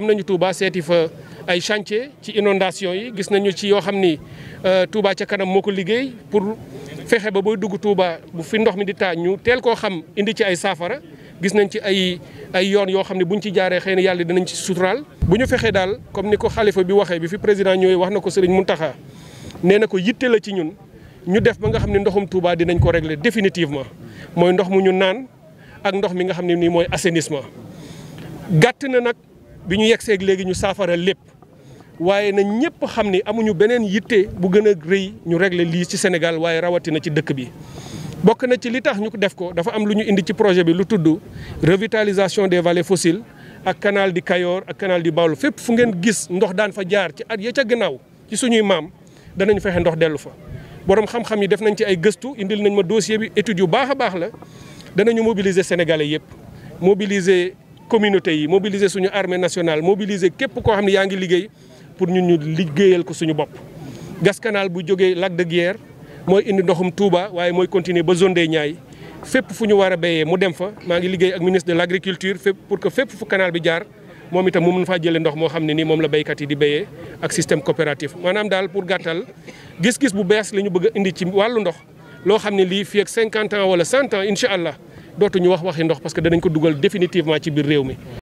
dem nañu Touba seeti fa ay chantier ci inondation yi gis nañu ci yoo xam ni euh, Touba ca kanam moo ko liggéey pour fexe ba booy dugg tuubaa bu fi ndox mi di taa ñu teel koo xam indi ci ay saafara gis nañ ci ay ay yoon yoo xam ne buñ ci jaaree xëy na yàlla dinañ ci suturaal. bu ñu fexee daal comme ni ko xalifa bi waxee bi fi président ñëwee wax na ko Serigne Mountakha nee na ko yitte la ci ñun ñu def ba nga xam ne ndoxum tuubaa dinañ ko réglé définitivement mooy ndox mu ñu naan ak ndox mi nga xam ne nii mooy assainissement bi ñu yegg seeg léegi ñu saafara lépp waaye na ñëpp xam ni amuñu beneen yitte bu gën a rëy ñu regle lii ci Sénégal waaye rawatina ci dëkk bi. bokk na ci li tax ñu ko def ko dafa am lu ñu indi ci projet bi lu tudd revitalisation des vallées fossiles ak kanaal di Kayor ak canal di Bawol fépp fu ngeen gis ndox daan fa jaar ci at ya ca gannaaw ci suñuy maam danañ fexe ndox dellu fa. borom xam-xam yi def nañ ci ay gëstu indil nañ ma dossier bi étude yu baax a baax la danañu mobiliser sénégalais yëpp mobiliser communauté yi mobiliser suñu armée nationale mobiliser képp koo xam ne yaa ngi liggéey pour ñu ñu liggéeyal ko suñu bopp. gas canal bu jógee Lac de Guiers mooy indi ndoxum Touba waaye mooy continuer ba zone des Niayes fépp fu ñu war a béyee mu dem fa maa ngi liggéey ak ministre de l'agriculture fépp pour que fépp fu canal bi jaar. moom itam mu mun faa ndox moo xam ne nii moom la béykat yi di béyee ak système coopératif maanaam daal pour gàttal gis-gis bu bees la ñu bëgg indi ci wàllu ndox loo xam ne lii fii ak 50 wala 100 ans incha allah dootuñu wax waxi ndox parce que danañ ko dugal définitivement ci biir réew mi.